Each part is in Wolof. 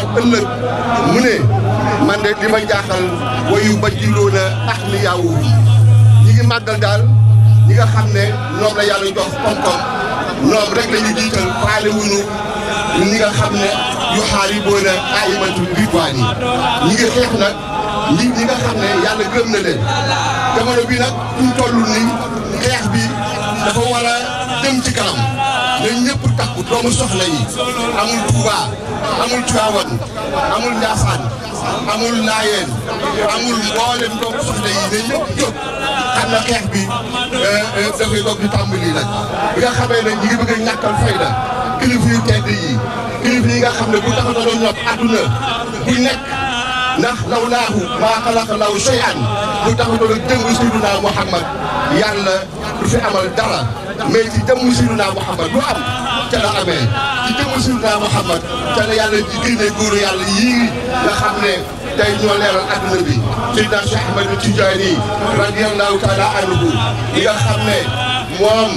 laaj ëllëg mu ne man de di ma jaaxal wayu ba jiloo ax ni yaawu ñi ngi màggal daal ñi nga xam ne ñoom la yàlla jox koom-koom ñoom rek la ñu jiital faale ñi nga xam ne yu xaar yi boo na ayimantu ridwaan yi ñi ngi xeex nag ñi nga xam ne yàlla gërëm na leen jamono bi nag ñu toll ni xeex bi dafa war a dem ci kanam dañ ñëpp takku doomu soxla yi amul Touba amul Tivaouane amul Ndiassane amul Nayeen amul mboolem doomu soxla yi ñëpp jóg xam na xeex bi euh, euh, dafay doog di tàmbali nag bi nga xamee ne ñu ngi bëgg a ñàkkal fayda kilifa yu tedd yi kilifa yi nga xam ne bu taxaw doon ñoom àdduna bu nekk ndax law laahu maa xalaqa law shay'an bu taxaw doon jëm Muhammad yàlla du fi amal dara. mais ci jëmm Seydina Muhammad lu am ca la amee ci jëmm Seydina Muhammad ca la yàlla di génne yàlla yii nga xam ne tey ñoo leeral adduna bi Seydina Cheikh Ahmadu Tijaani radiyallahu taala anhu li nga xam ne moom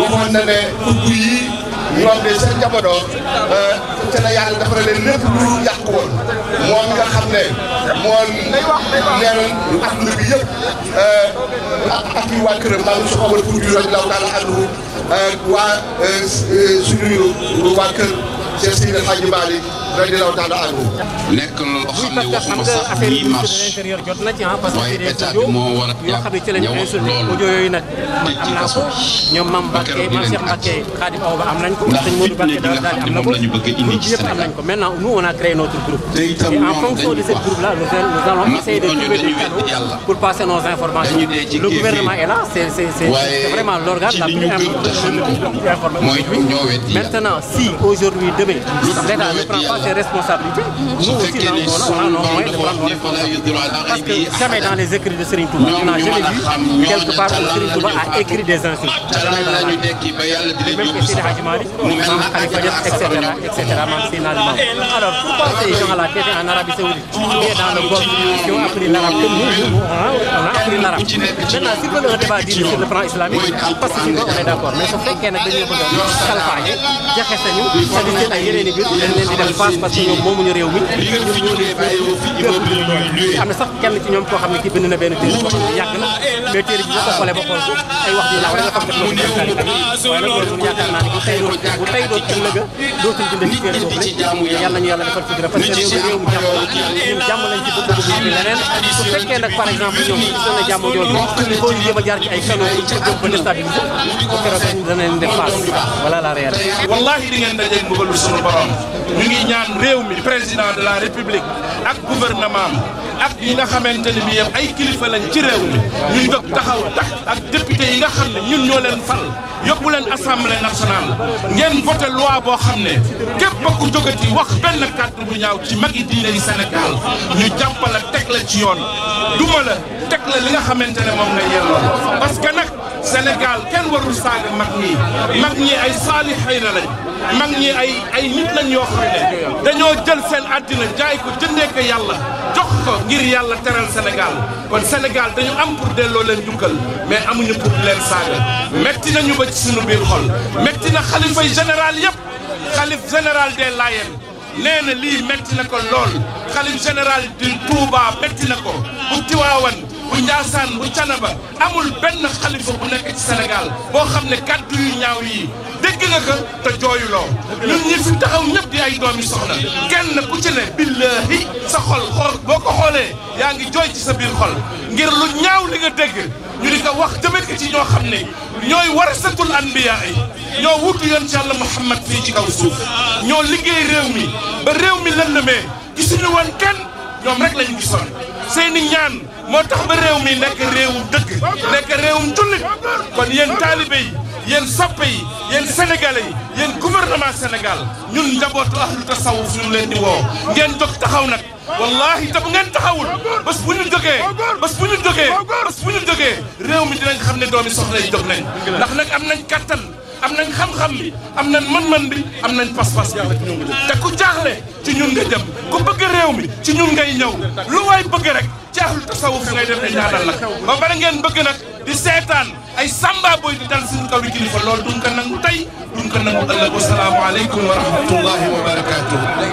waxoon na ne kukku yii ñoom de seen jamono euh, te la yàlla dafa leen lépp lu yàq moom nga xam ne moo leeral adduna bi yëpp euh, ak yu waa këram maanaam su xobal pour yu rajo law daal àndu euh, waa suñu waa kër Cheikh Seydil Hadji Malick radiyallahu taala anhu nekk na loo xam ne waxuma sax ñii marche ah, waaye état bi moo war a jàpp ñëwal loolu tëj ci kaso bi ba keroog ñu leen àcc ndax fitna gi nga xam ne moom la ñu bëgg a indi ci Sénégal te itam ñoom dañuy wax mag ñooñu dañuy wedd yàlla dañuy dee ci kéeféer waaye ci li ñu gëm te xam ko mooy ñoo wedd yàlla. partage des responsabilités. Nous aussi, nous avons nos moyens de prendre nos responsabilités. Parce que jamais dans les écrits de Serigne Touba, on n'a jamais vu quelque part où Serigne Touba a écrit des insultes. Jamais dans la vie. Et même que Seydi Hadji Malick, Mame Khalifa Niass, etc., etc., Mame Seyna Limamou. Alors, pourquoi ces gens-là qui étaient en Arabie Saoudite et dans le golfe qui ont appris l'arabe comme nous, nous, on a arabe maintenant s'il veut un su fekkee nag dañoo bëgg a salfaañe sax kenn ci ñoom koo xam ne kii bind na benn téere boo xam na mais téere bi boo ko ba xool ko ay wax yu ñaaw rek nga nag bu tey dootul bind ci téere fekkee nag par exemple ñoom jàmm jooju il faut ñu jéem a jaar ci ay la réalité. wallahi di ngeen dajeeg mbugalu ngi ñaan réew mi président de la république ak gouvernement ak yi nga xamante ne bi ay kilifa lañ ci réew mi ñu jóg taxaw tax ak député yi nga xam ne ñun ñoo leen fal yóbbu leen assemblée nationale ngeen voté loi boo xam ne képp ku jógati wax benn kàddu ci ñaaw ci magi diine yi Sénégal ñu jàppale teg la ci yoon duma la teg nga xamante ne moom nga yelloo parce que nag Sénégal kenn warul saaga mag ñi mag ñi ay saalixiina lañ mag ñi ay ay nit lañ yoo xam dañoo jël seen àddina jaay ko jëndee ko yàlla jox ko ngir yàlla teral Sénégal kon Sénégal dañu am pour delloo leen jukkal mais amuñu pour leen saaga metti nañu ba ci suñu biir xol metti na xalifay général yëpp xalif général des Layène nee na lii metti na ko lool xalif général du Touba metti na ko bu Tiwaawan bu Njaasaan bu Canaba amul benn xalifa bu nekk ci Sénégal boo xam ne kàddu ñaaw yi dégg nga ko te jooyuloo ñun ñi fi taxaw ñëpp di ay yi soxna kenn ku ci ne billaahi sa xol xor boo ko xoolee yaa ngi jooy ci sa biir xol ngir lu ñaaw li nga dégg ñu di ko wax jëmee ci ñoo xam ne ñooy warasatul anbiya yi ñoo wutu yoon ci yàlla Muhammad fii ci kaw suuf ñoo liggéey réew mi ba réew mi lëndëmee gisuñu woon kenn ñoom rek lañu gisoon seeni ñaan moo tax ba réew mi nekk réewu dëkk nekk réewum jullit kon yen taalibe yi yéen soppe yi yen sénégalais yi yéen gouvernement Sénégal ñun njabootu ahlu tasawuf ñu leen di woo ngeen jóg taxaw nag wallahi te bu ngeen taxawul bés bu ñu jógee bés bu ñu jógee bés bu ñu jógee réew mi dinañ xam ne doomi soxna yi jóg ndax nag am nañ kattan am nañ xam-xam bi am nañ mën-mën bi am nañ pas-pas bi te ku jaaxle ci ñun nga jëm ku bëgg réew mi ci ñun ngay ñëw lu waay bëgg rek ci ahlu tasawuf ngay def dañ ñaanal nag ba bari ngeen bëgg nag di seetaan ay samba boy di dal suñu kaw yi kilifa loolu duñ ko nangu tey duñ ko nangu ëllëg wasalaamu aleykum wa rahmatullahi wa barakatuh